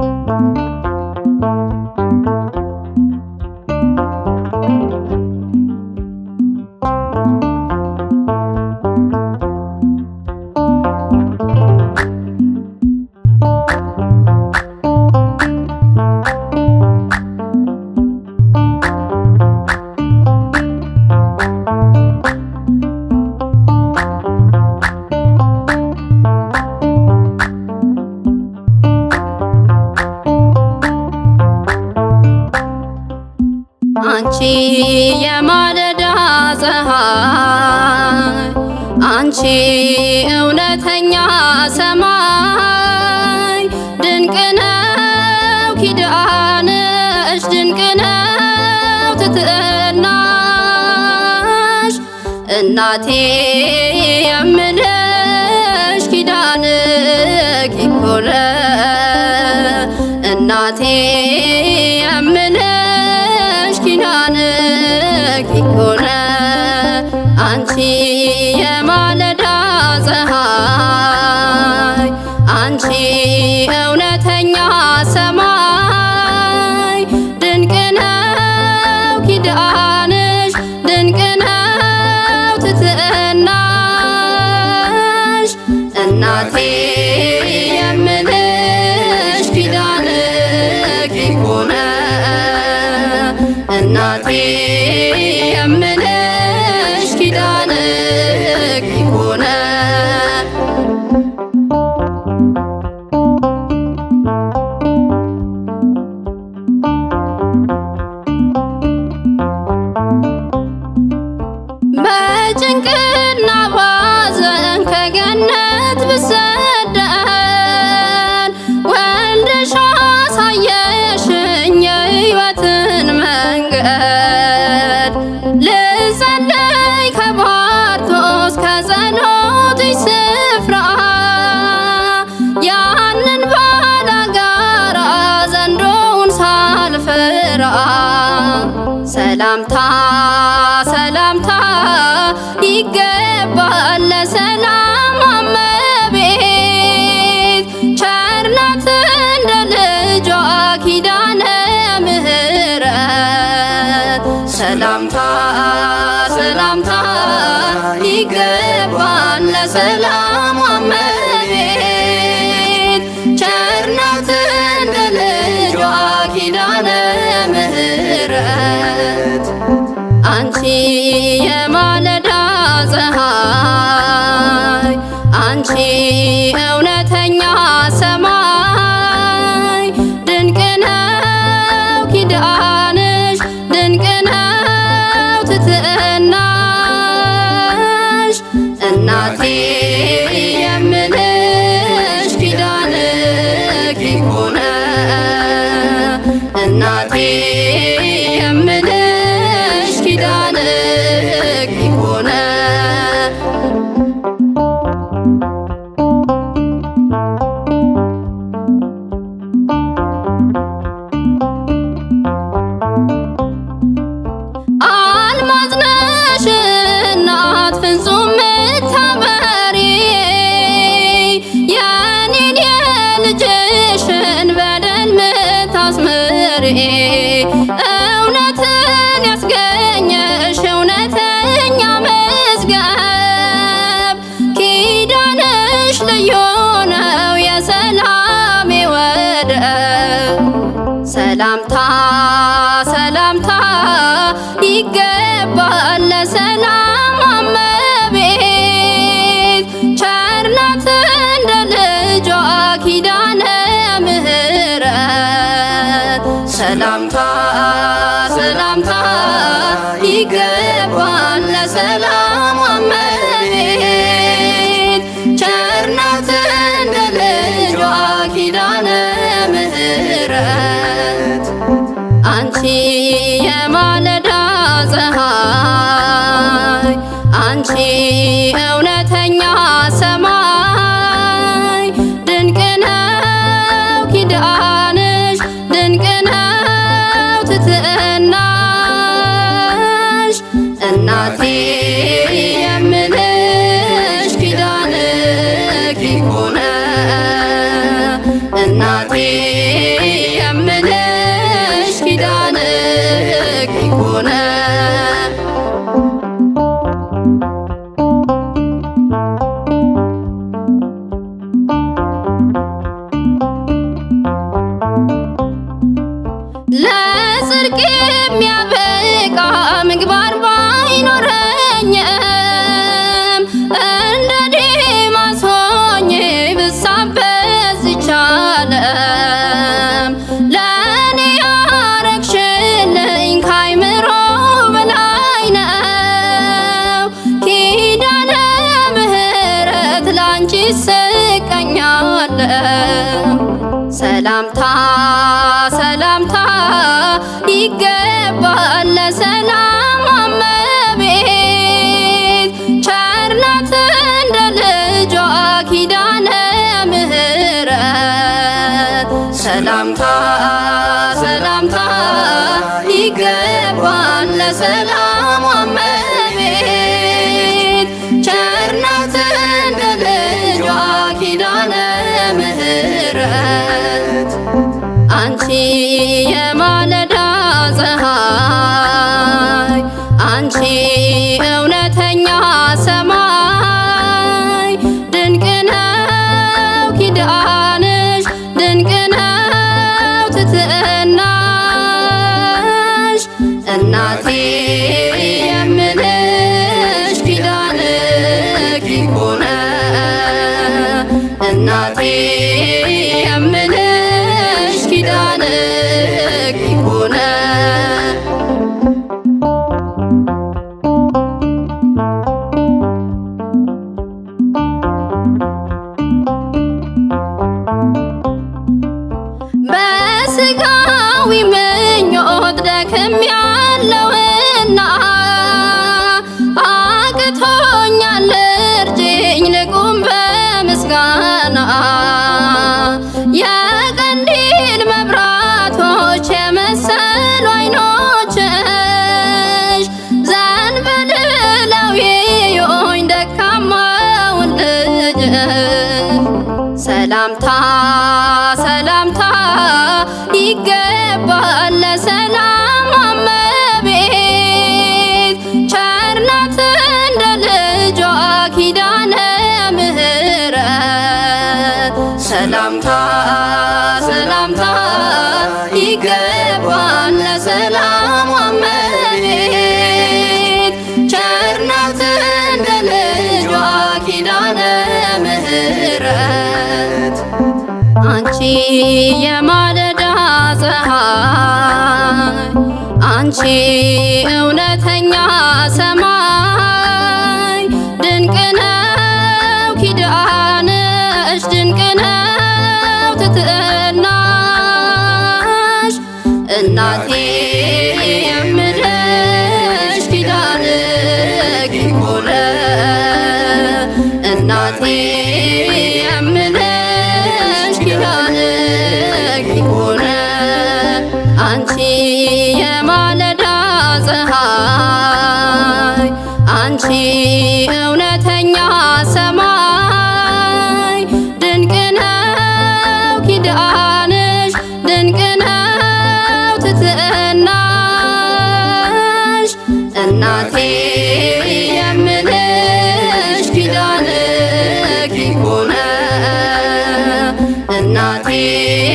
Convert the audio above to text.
Música የማለዳ ፀሐይ አንቺ እውነተኛ ሰማይ ድንቅ ነው ኪዳንሽ ድንቅ ነው ትትናሽ እናቴ የምልሽ ኪዳን ኪኮረ እናቴ ረቂቅ ሆነ አንቺ የማለዳ ፀሐይ አንቺ እውነተኛ ሰማይ ድንቅ ነው ኪዳንሽ ድንቅ ነው ትትናሽ እናቴ የምልሽ ኪዳን ረቂቅ ሆነ እናቴ መንገድ ልጸልይ ከባርቶስ ከጸሎትሽ ስፍራ ያንን ባላጋራ ዘንዶውን ሳልፈራ ሰላምታ ሰላምታ ይገባል ለሰላም ይገባል ለሰላም እመቤት ቸርነት እንደ ልጇ ኪዳነ ምሕረት አንቺ የማለዳ ፀሐይ አንቺ እውነተኛ ሰማይ እናቴ የምልሽ ኪዳንኪ ሆነ እናቴ ሰላም እመቤት ቸርነት እንደ ልጇ ኪዳነ ምሕረት ሰላምታ ሰላምታ ይገባል ለሰላም እናቴ የምልሽ ኪዳንሽ ይሁን እናቴ የምልሽ ኪዳንሽ ይሁን ለጽድቅ የሚያበቃ ምግባር nhẹ ኪዳነ ምሕረት አንቺ የማለዳ ፀሐይ አንቺ ሰላምታ ሰላምታ ይገባል ለሰላም እመቤት ቸርነት እንደ ልጇ ኪዳነ ምሕረት ሰላምታ የማለዳ ፀሐይ አንቺ እውነተኛ ሰማይ ድንቅ ነው ኪዳንሽ ድንቅ ነው ትትናሽ እናቴ የማለዳ ፀሐይ አንቺ እውነተኛ ሰማይ ድንቅ ነው ኪዳንሽ ድንቅ ነው ትትናሽ እናቴ የምልሽ ኪዳንኪ ሆነ እናቴ